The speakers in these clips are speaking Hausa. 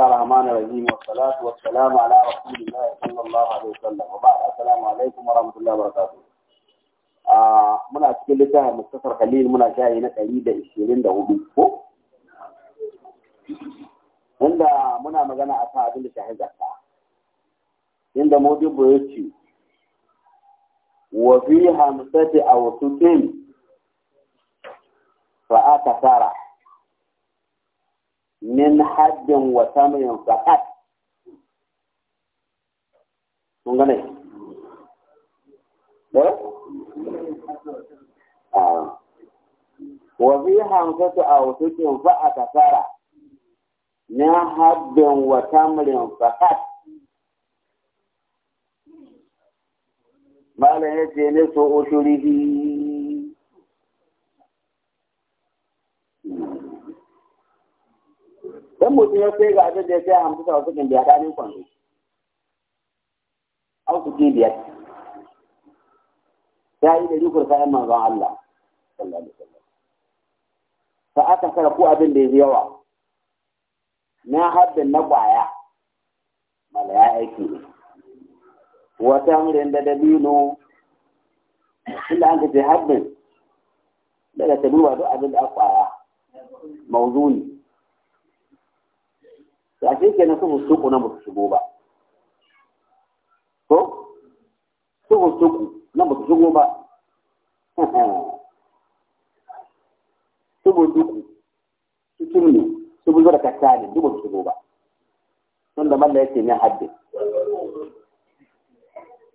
الله الرحمن الرحيم والصلاة والسلام على رسول الله صلى الله عليه وسلم وبعد السلام عليكم ورحمة الله وبركاته muna cikin littafin Mustafar Khalil muna shayi na ɗari da ishirin da hudu ko? Inda muna magana a kan abin da shahin zakka. Inda Modibo ya ce, Wa fi hamsati a wasu tim, min haddin wa samayin zakat mun gane eh wa fi hamsatu aw sukin fa min haddin wa tamrin zakat malam so don mutum ya sai ga abin da ya sai hamsin wasu wasu biya ɗanin kwanu an kuɗi biyar ya yi da rikon sa'yan manzon Allah sallallahu aka sarku abin da ya yawa na haddin na kwaya mala ya aiki ne wata hamurin da dabino inda an kace haddin daga ta duba duk abin da aka kwaya mauzuni ya shi ke na na musu shigo ba to su na musu shigo ba su hustuku cikin ne su buzo da kasta ne duk su shigo ba sun da malla yake ne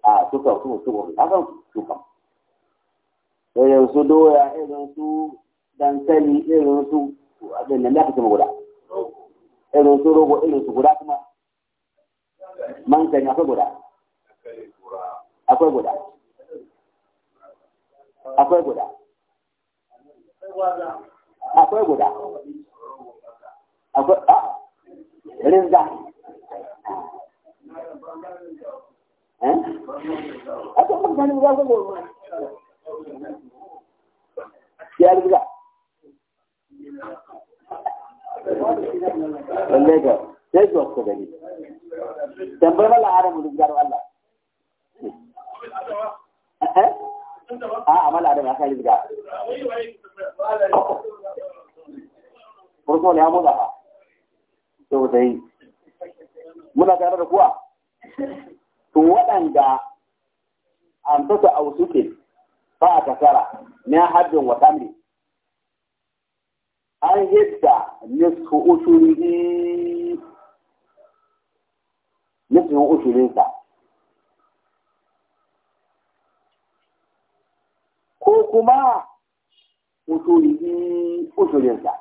a suka su hustuku a kan suka irin doya irin su dankali irin su nan guda irin su rogo irin su guda kuma man sanya akwai guda akwai guda akwai guda akwai guda akwai a ah, rinza eh akwai guda ne guda ko ya rinza kuka eh? ya to muna tare da kuwa to waɗanda an fata a ba a kasara na haddin wa tamri an hidda nisfu usurihi nufin usulinsa, ko kuma usurihi ushirinsa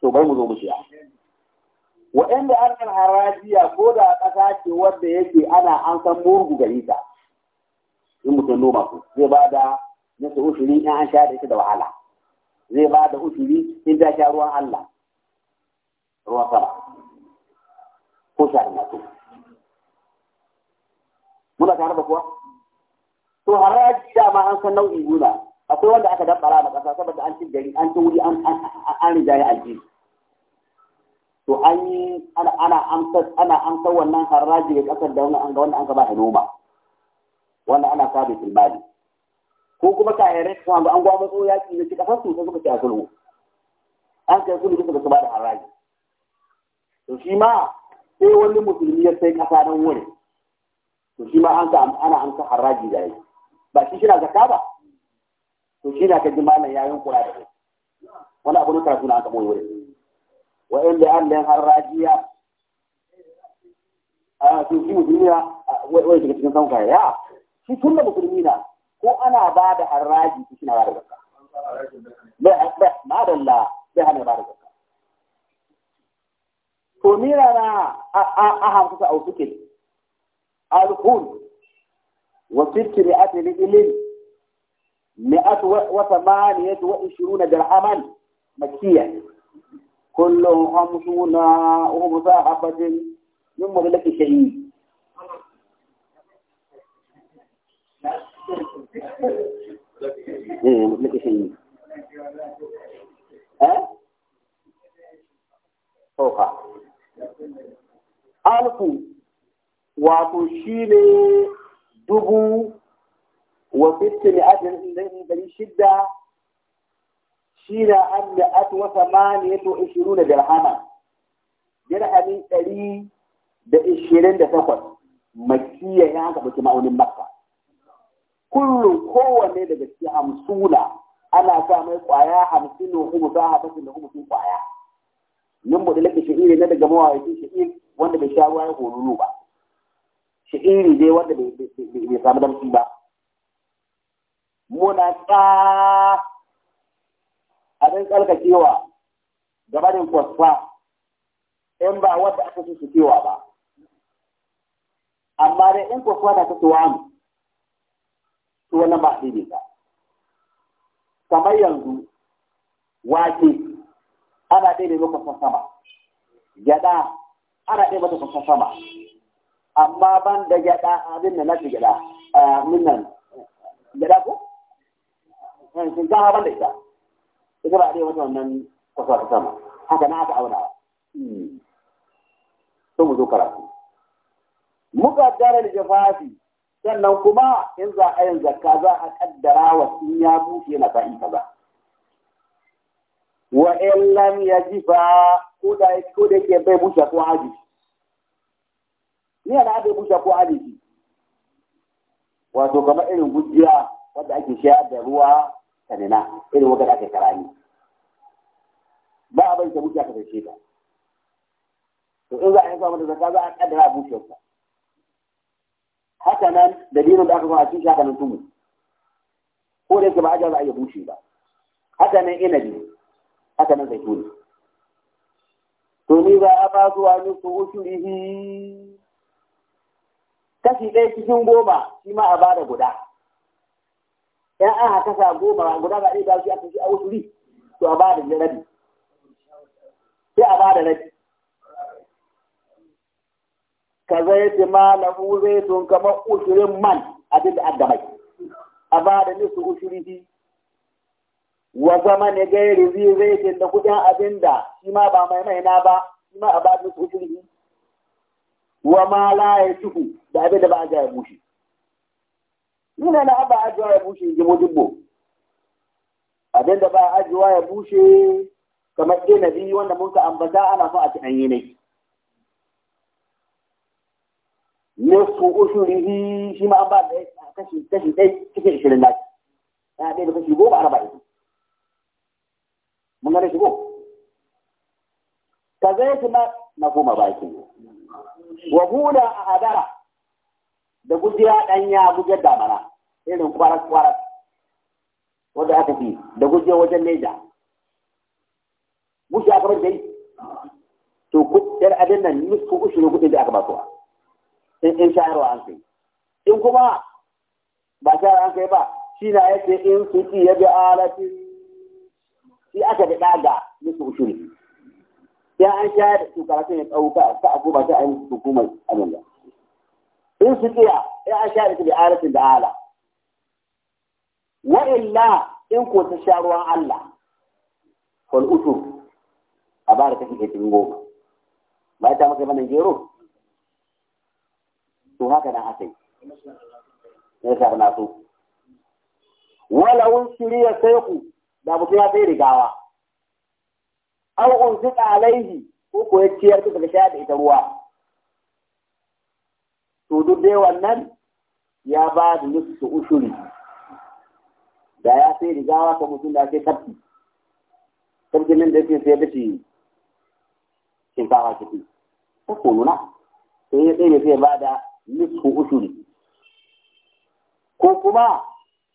to bai mu zo mu wa inda an harajiya ko da ƙasa ce wadda yake ana an san murgu gari ta in mutum noma ku zai ba da nasa usuli in an sha da ita da wahala zai ba da in ta sha ruwan Allah ruwan sama ko sha da nasu muna tare da kuwa to haraji dama an san nau'i guda akwai wanda aka dabbara na ƙasa saboda an ci gari an ci wuri an an rijaye aljihu to an yi ana amsar ana amsar wannan haraji ga ƙasar da wannan wanda an ba noma wanda ana sabi tilmali ko kuma kayarai su hanga an gwamnati yaƙi na ci ƙasar su suka ci a sulhu an kai sulhu suka ba da haraji to shi ma sai wani musulmi ya sai ƙasa nan wuri. to shi ma an ka ana an ka haraji da yi ba shi shi na zakka ba to shi na ka ji nan yayin kura da wani abu na karatu na an ka boye wurin wa in da an lan harajiya a to shi duniya wai daga cikin sanka ya shi tun da musulmi na ko ana ba da haraji shi na ba da zakka Allah sai hana ba da zakka to ni na a a a usukin الخول وفي الشريعة لإلين مئة وثمانية وعشرون درهما مكية كلهم خمسون ومصاحبة من مغلق شيء مغلق شيء ألفون wato shi ne dubu wa da adin ɗari shidda shi na an da atu wasa mani to ishiru da jirhama jirhamin ɗari da ishirin da takwas makiyar ya haka baki ma'aunin makka kullum kowanne daga cikin hamsuna ana sa mai kwaya hamsin da hukumu sa hafasin da hukumu kwaya nan buɗe lafi shi'iri na daga mawaƙi shi'iri wanda bai sha ruwa ya horo ba iri dai wanda bai samu damshi ba munaka abin tsarkakewa barin kwasfa in ba wadda aka su kewa ba amma dai in kwasfa na ta tuwa mu to wannan ba ne ba kamar yanzu wake ana daidai ba kwasfa sama gyada ana daidai ba kwasfa sama amma ban da gyaɗa abin da na gyada, gyaɗa eh, min nan gyaɗa ko? zama eh, ban da ita ita ba a ɗaya wata wannan kwasa ta sama haka na haka auna hmm. sun mu zo karatu muka dara da jafafi sannan kuma in za a yin zakka za a kaddara wa sun ya bushe na sa'in kaza wa in lam ya ko da ko da yake bai bushe ko hajji. ni yana aka bushe ko adiki wato kamar irin gujiya wadda ake shayar da ruwa kanina irin wadda ake karani ba a bari ta bushe ka sai ta to in za a yi samu da zaka za a kaddara bushewar haka nan dalilin da aka zo a cikin haka nan tumu ko da yake ba a za a yi bushe ba haka nan inabi haka nan zaituni to ni za a ba zuwa ni su ushurihi kashi ɗaya cikin goma shi ma a bada guda yan aka kasa goma guda ga ɗaya ba shi aka shi a wusuri to a bada ne rabi sai a bada rabi ka zai ce ma na zai tun kama ushirin man abin da adda mai a bada su ushiri shi wa zama ne gairi zai zai da kudin abin da shi ma ba mai mai na ba shi ma a bada nisu ushiri wa ma la ya tuhu da abin da ba a jaya bushe nuna na ba a jaya bushe in ji dubbo. abin da ba a ajiwa ya bushe kamar biyu wanda mun ka ambata ana so a ci an yi ne usu rihi shi ma an ba da kashi kashi ɗaya cikin ishirin na ya ɗaya da kashi goma arba'in mun gane shi ko ka zai na na koma bakin yau wa huda a hadara da gujiya ɗanya gujiyar damara irin kwaras-kwaras wanda aka fi da gujiyar wajen neja gujiya kamar da yi to kuɗin abin nan kushi ne kuɗin da aka basuwa in in shayarwa an kai in kuma ba shayarwa an kai ba shi na yake in su ci ya bi alatin shi aka da ɗaga musu ushirin sai an shayar da su karatun ya tsawo ka a kuma ta a yi musu hukumar amina in su tsaya sai an shayar da su da alatin da ala wa illa in ko ta sha ruwan Allah wal utu a bara ta ke cikin goma ba ta maka mana gero to haka nan haka yi ya sa na so wala wun shirya sai ku da mutum ya sai rigawa aw unfiqa alaihi ko ko ya ciyar ta daga shayar da ita ruwa to duk dai wannan ya ba da nufi ushuri da ya sai rigawa ka mutum da sai tafki tafki nan da ke sai da shi shinkawa ciki ta kununa sai ya ne sai ba da nufi ushuri ko kuma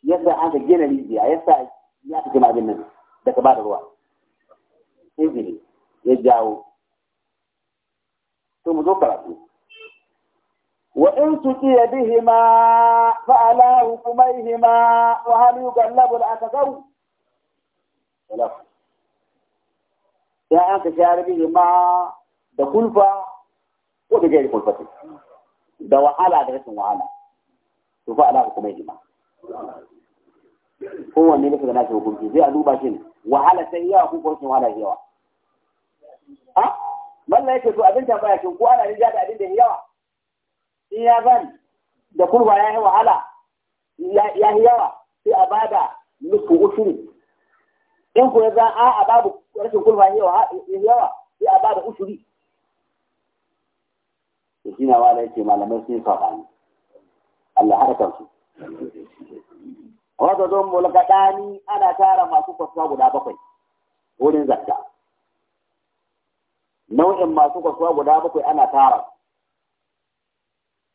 yadda an ka gina rijiya yasa ya fi abin nan da ka ba da ruwa izini ya jawo to mu zo karatu wa in tuti yadihima fa ala hukumaihima wa hal yughallabu al-akasaw ya an ka share bihima da kulfa ko da gairi kulfati da wahala da rashin wahala to fa ala hukumaihima kowanne da nashi hukunci sai a duba shi wahala sai yawa ko rashin wahala yawa ha malla yake to abin tambaya shin ko ana rija da abin da yawa in ya ban da kurba ya yi wahala ya yi yawa sai a bada nufu usuri in ko ya za a a babu rashin kurba ya yi yawa sai a bada usuri da shi na wala yake malamai sun faɗa ni. Allah haɗa kansu wata don mulkaɗani ana tara masu kwasa guda bakwai wurin zakka nau'in masu kasuwa guda bakwai ana tara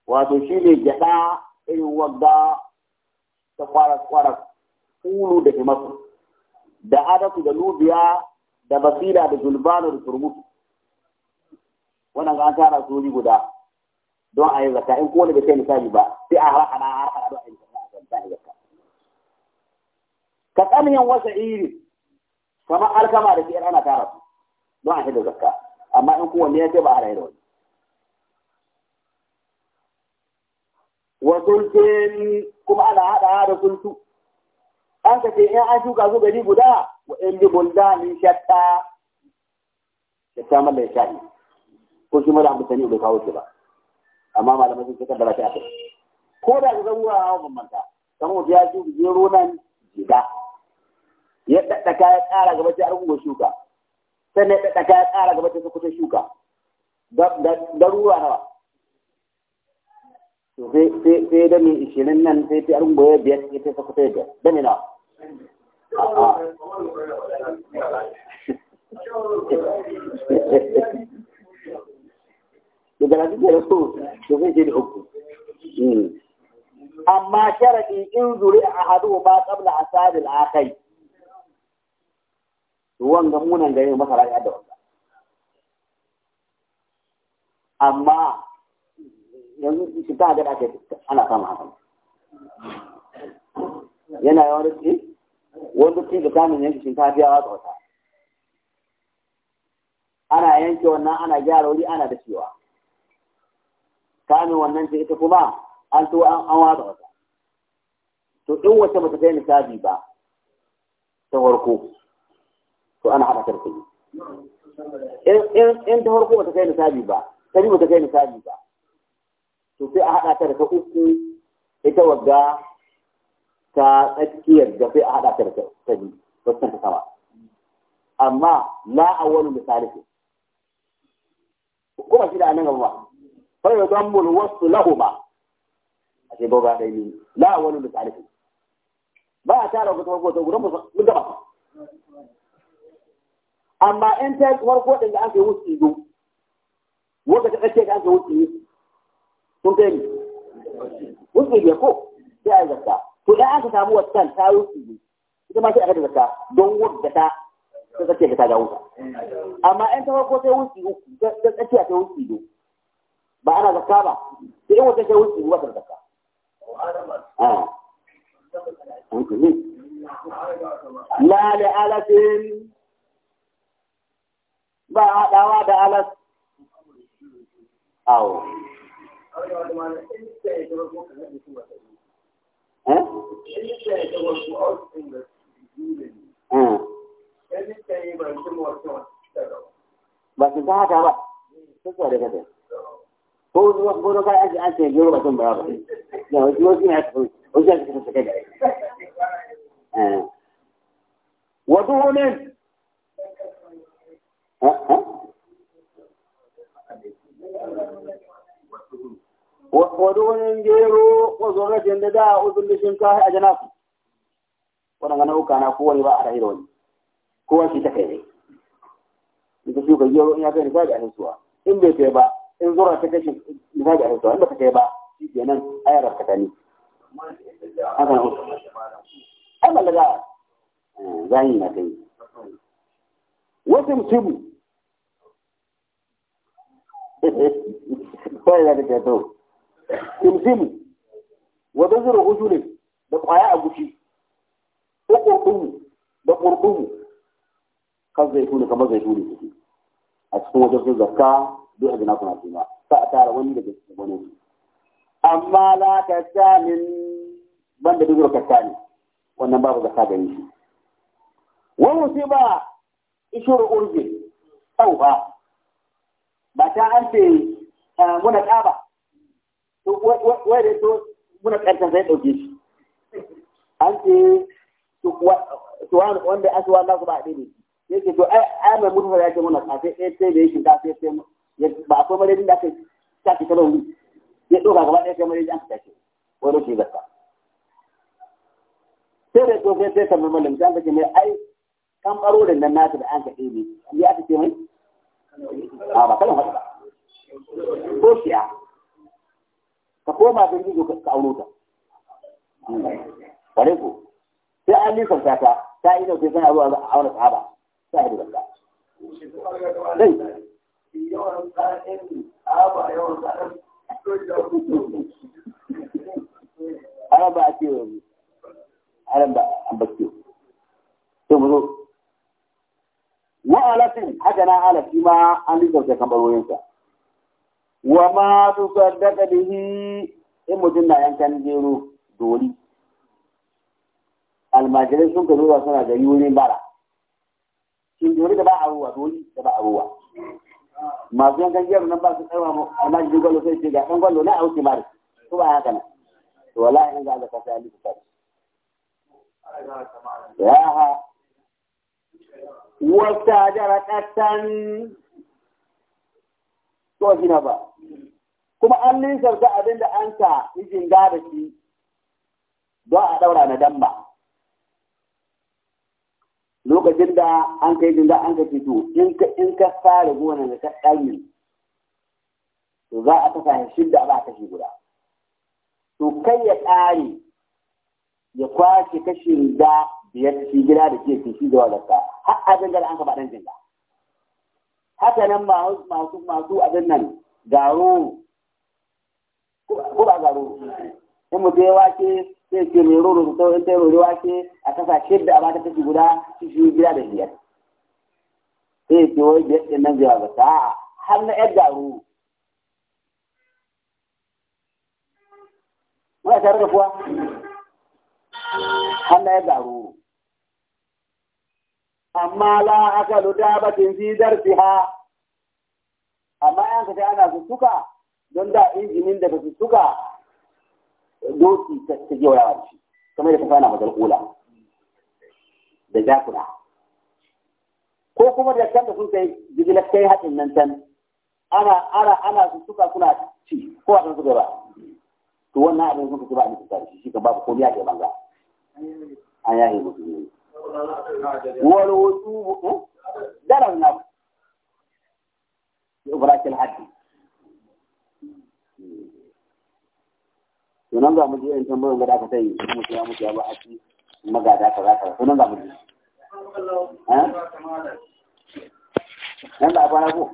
wato shi ne gyaɗa irin wanda ta kwara-kwara kulu da himatu, da adatu da lubiya da basira da zulbano da turmutu wannan an tara soji guda don a yi zaka, in kowane bai kai misali ba sai a harka na harka don a yi zaka a yi zakka ka tsamiyan wasa iri kamar alkama da ke ana tara su don a shi da amma in kowanne ya ce ba a rayu da wani wa sulkin kuma ana haɗa da sultu an ka ce in an shuka su gari guda wa in bi ni shatta shatta mallai sha'i ko shi mara abu sani bai kawo shi ba amma malamai sun cika da lafiya ta ko da ga zaruwa hawa bambanta kamar mutum ya shuka gero nan gida ya ɗaɗɗaka ya ƙara gaba sai an shuka sai na ɗaɗa ta ƙara gaba ta kusa shuka garuruwa nawa to sai da mai ishirin nan sai ta yarin goye biyar sai ta kusa biyar da mai nawa daga na duk da rasu to zai ce da uku amma sharaɗi in zuri a hadu ba ƙabla a sadil akai Ruwan ga munan gari masara ya da wanda amma yanzu shi ta gada da ana samun hakan yana yawan rufi wani rufi da samun yanki shinkafa ta watsa wata ana yanke wannan ana gyara wuri ana da cewa kamin wannan ce ita kuma an to an an watsa wata to in wata bata kai nisabi ba ta warko to ana haɗa karfe in ta farko ba ta kai nisabi ba ta ba ta kai nisabi ba to sai a haɗa ta da ta uku ita wagga ta tsakiyar da sai a haɗa ta da ta biyu wasu ta sama amma la misali kuma shi da anan gaba fa yadammu alwasu lahuma lahu ba ba ne la misali ba a tara ku ta ko ta gurin amma in ta farko din da an wuce zo wanda ta kace da an wuce wuce sun kai wuce ne ko sai ai zakka to da aka samu wannan ta wuce zo ita ma sai aka zakka don wanda ta ta da ta ga wuta amma in ta farko sai wuce uku ta a ta wuce zo ba ana zakka ba sai in wata ta wuce wata zakka ah لا لآلة ba haɗawa da alas awo eh? hmm. ba su ta haka ba an ba ba ba ya wasu wasu ne a wasu kai da wasu wadonin gero wazorajin da da uzun da shin kai a janaku wannan nauka na kowane ba a rahira wani kowa shi ta kai ne in ta shuka gero in ya kai nisa da ahisuwa in bai kai ba in zura ta kai nisa da ahisuwa in ba ta kai ba shi kenan ayar ta ne haka na uku ai mallaga eh, zani na kai wasu mutubu sai da kake to kimsim da kwaya a ko da kan kamar a cikin wajen zakka duk da na kuna a tara wani wani amma la min ban da dubur kasta ne wannan babu zakka gare shi ba musiba ishuru tau ba. ba ta an ce eh, muna ƙaba wai da to muna ƙarfin sai ɗauke shi an ce wanda suwa na ku ba a ɗaya ne ce to ai mai mutu ya ce muna ƙafe ɗaya sai da ya ta sai sai ba akwai madadin da aka sa ki taɓa ya ɗauka gaba ɗaya sai madadin an fita ce wani ce gaska sai da to sai sai kamar malam ta ce mai ai kan ɓaro da nan nasu da an ka ɗaya ne ya ce mai a ah, ba ka koma da rigo ka auro ta bare ko sai an yi ta ta yi nauke sai a a wani sahaba yi da dai ba a ce wani ba a bakiyo sai mu zo wa alafin haka na alafi ma an lissafta kambarorinsa wa ma su saddaka bihi in mutum na yankan gero doli almajirai sun ka zuwa suna da wurin bara shin doli da ba a ruwa doli da ba a ruwa masu yankan gero nan ba su tsawa almajirai gwallo sai ce ga kan gwallo na a wuce mari su ba haka nan to wallahi in za a zaka sai an ya ha wastajara ƙasan to gina ba kuma an nisarta abin da an sa izin gada shi ba a ɗaura na damba lokacin da an kai da an ka fito in ka in ka fara gonan da ka ɗanyi to za a kasa shi da ba kashi guda to kai ya tsari ya kwashe kashin da biyar shi gida da ke shi da har a an ka jinga haka nan masu abin nan garo ko ba garo in ya wace sai ce mai roro ta ta roro a kasa a ba ta guda gida da biyar sai ce wai biyar har na yar garo amma la aka luta ba luda batin zidar ha? amma yan ka ana su suka don da injinin da su suka doki ta ta gewa shi kamar da ta na mazal kula da jakuna ko kuma da kan da sun kai jigilar kai haɗin nan can ana ana ana su suka suna ci ko wasan kan su ba to wannan abin sun ka ci ba a cikin shi kan babu komai a ke banza an yaye musu ne والوجوب دار النفس بإدراك الحد sunan za mu in ga mutu ya mutu ya ba a magada ka za ka sunan nan da a kwana ko